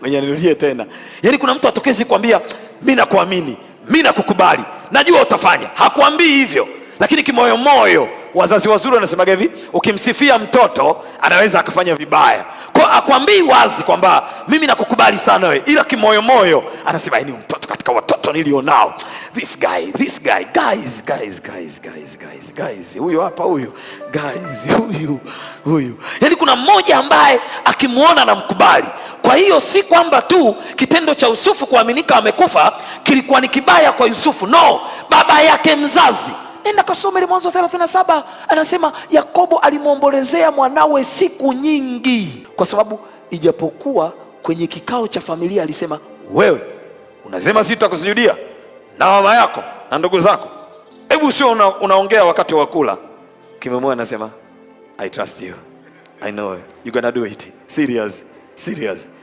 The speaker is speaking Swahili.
mwenye nirudie tena. Yaani kuna mtu atokezi kuambia mi nakuamini, mi nakukubali, najua utafanya. Hakuambii hivyo, lakini kimoyo moyo wazazi wazuri wanasemaga hivi, ukimsifia mtoto anaweza akafanya vibaya. Kwa akwambii wazi kwamba mimi nakukubali sana wewe, ila kimoyomoyo anasema ni yaani mtoto katika watoto nilionao, this guy, this guy, guys, guys, guys, guys, guys, guys, huyu hapa huyu, guys, huyu huyu. yani kuna mmoja ambaye akimwona anamkubali. Kwa hiyo si kwamba tu kitendo cha Yusufu kuaminika amekufa kilikuwa ni kibaya kwa Yusufu, no, baba yake mzazi Nenda kasome Mwanzo 37 anasema Yakobo alimwombolezea mwanawe siku nyingi, kwa sababu ijapokuwa kwenye kikao cha familia alisema, wewe unasema sisi tutakusujudia na mama yako na ndugu zako. Hebu sio una, unaongea wakati wa kula, kimemoyo anasema I trust you, I know you gonna do it serious serious.